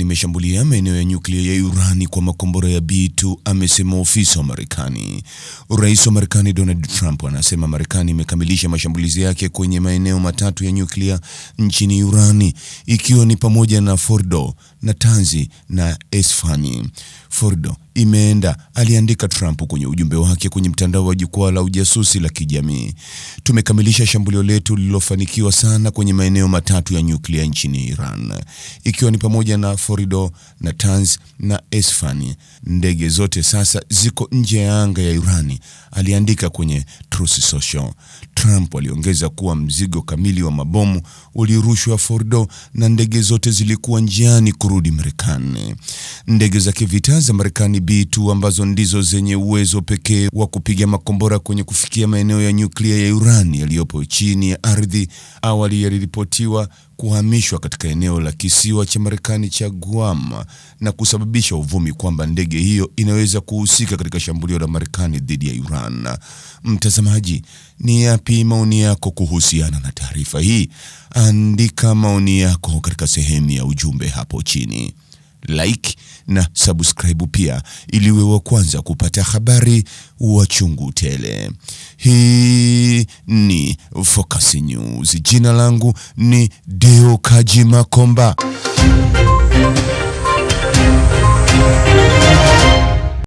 Marekani imeshambulia maeneo ya nyuklia ya urani kwa makombora ya B2, amesema ofisa wa Marekani. Rais wa Marekani Donald Trump anasema Marekani imekamilisha mashambulizi yake kwenye maeneo matatu ya nyuklia nchini urani ikiwa ni pamoja na Fordo, Natanz na Esfahani. Fordo imeenda, aliandika Trump kwenye ujumbe wake kwenye mtandao wa jukwaa la ujasusi la kijamii. Tumekamilisha shambulio letu lililofanikiwa sana kwenye maeneo matatu ya nyuklia nchini Iran, ikiwa ni pamoja na Fordo, Natanz na Esfani. Ndege zote sasa ziko nje ya anga ya Irani, aliandika kwenye Truth Social. Trump aliongeza kuwa mzigo kamili wa mabomu ulirushwa Fordo na ndege zote zilikuwa njiani kurudi Marekani. Ndege za kivita za Marekani B tu ambazo ndizo zenye uwezo pekee wa kupiga makombora kwenye kufikia maeneo ya nyuklia ya urani yaliyopo chini ya ardhi. Awali yaliripotiwa kuhamishwa katika eneo la kisiwa cha Marekani cha Guam na kusababisha uvumi kwamba ndege hiyo inaweza kuhusika katika shambulio la Marekani dhidi ya Iran. Mtazamaji, ni yapi maoni yako kuhusiana na taarifa hii? Andika maoni yako katika sehemu ya ujumbe hapo chini like na subscribe pia, ili wa kwanza kupata habari wa chungu tele. Hii ni Focus News. Jina langu ni Deo Kaji Makomba.